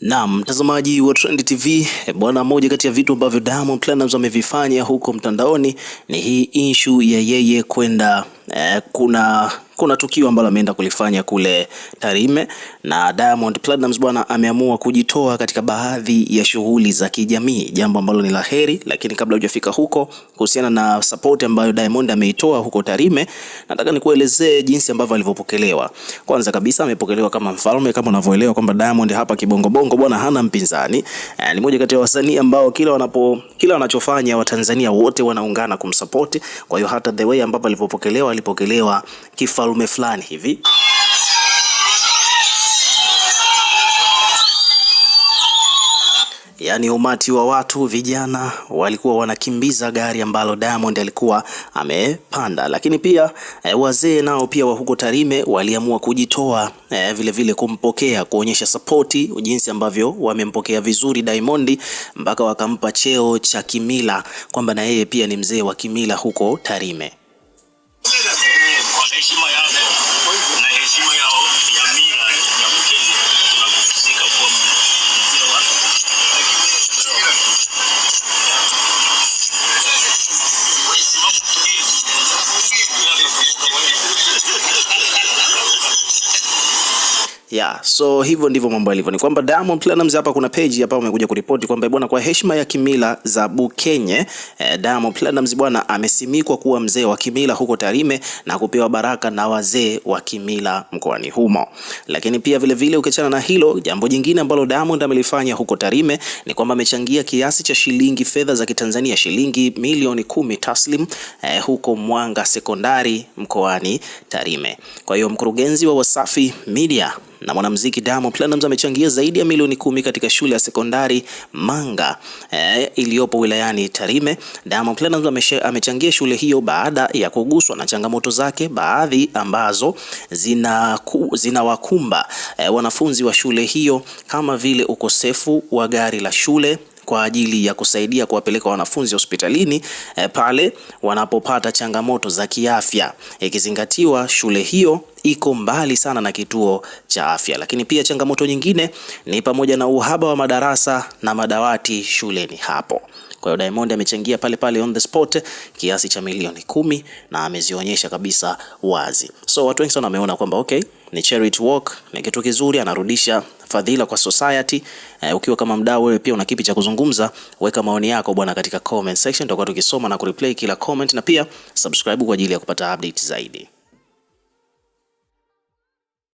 Naam, mtazamaji wa Trend TV eh, bwana, moja kati ya vitu ambavyo Diamond Platnumz amevifanya huko mtandaoni ni hii issue ya yeye kwenda eh, kuna kuna tukio ambalo ameenda kulifanya kule Tarime na Diamond Platnumz bwana ameamua kujitoa katika baadhi ya shughuli za kijamii, jambo ambalo ni la heri. Lakini kabla hujafika huko, kuhusiana na support ambayo Diamond ameitoa huko Tarime, nataka nikuelezee jinsi ambavyo alivyopokelewa. Kwanza kabisa amepokelewa kama mfalme, kama unavyoelewa kwamba Diamond hapa kibongo bongo bwana hana mpinzani. E, Ni moja kati ya wasanii ambao kila wanapo kila wanachofanya Watanzania wote wanaungana kumsupport. Kwa hiyo hata the way ambavyo alivyopokelewa alipokelewa kifa ufalume fulani hivi. Yaani umati wa watu vijana walikuwa wanakimbiza gari ambalo Diamond alikuwa amepanda, lakini pia e, wazee nao pia wa huko Tarime waliamua kujitoa e, vile vile kumpokea, kuonyesha sapoti jinsi ambavyo wamempokea vizuri Diamond mpaka wakampa cheo cha kimila kwamba na yeye pia ni mzee wa kimila huko Tarime. Yeah, so hivyo ndivyo mambo yalivyo. Ni kwamba Diamond Platinumz hapa kuna page hapa amekuja kuripoti kwamba bwana, kwa heshima ya kimila za Bukenye eh, Diamond Platinumz bwana amesimikwa kuwa mzee wa kimila huko Tarime na kupewa baraka na wazee wa kimila mkoani humo. Lakini pia vile vile ukiachana na hilo, jambo jingine ambalo Diamond amelifanya huko Tarime ni kwamba amechangia kiasi cha shilingi fedha za Kitanzania shilingi milioni kumi taslim eh, huko Mwanga Sekondari mkoani Tarime. Kwa hiyo mkurugenzi wa Wasafi Media na mwanamuziki Diamond Platnumz amechangia zaidi ya milioni kumi katika shule ya sekondari Manga e, iliyopo wilayani Tarime. Diamond Platnumz amechangia shule hiyo baada ya kuguswa na changamoto zake baadhi ambazo zinawakumba zina eh, e, wanafunzi wa shule hiyo kama vile ukosefu wa gari la shule kwa ajili ya kusaidia kuwapeleka wanafunzi hospitalini e, pale wanapopata changamoto za kiafya, ikizingatiwa shule hiyo iko mbali sana na kituo cha afya. Lakini pia changamoto nyingine ni pamoja na uhaba wa madarasa na madawati shuleni hapo. Kwa hiyo Diamond amechangia pale pale on the spot kiasi cha milioni kumi na amezionyesha kabisa wazi. So watu wengi sana wameona kwamba okay, ni charity work, ni kitu kizuri, anarudisha fadhila kwa society. Uh, ukiwa kama mdau wewe pia una kipi cha kuzungumza, weka maoni yako bwana katika comment section, tutakuwa tukisoma na kureplay kila comment, na pia subscribe kwa ajili ya kupata update zaidi.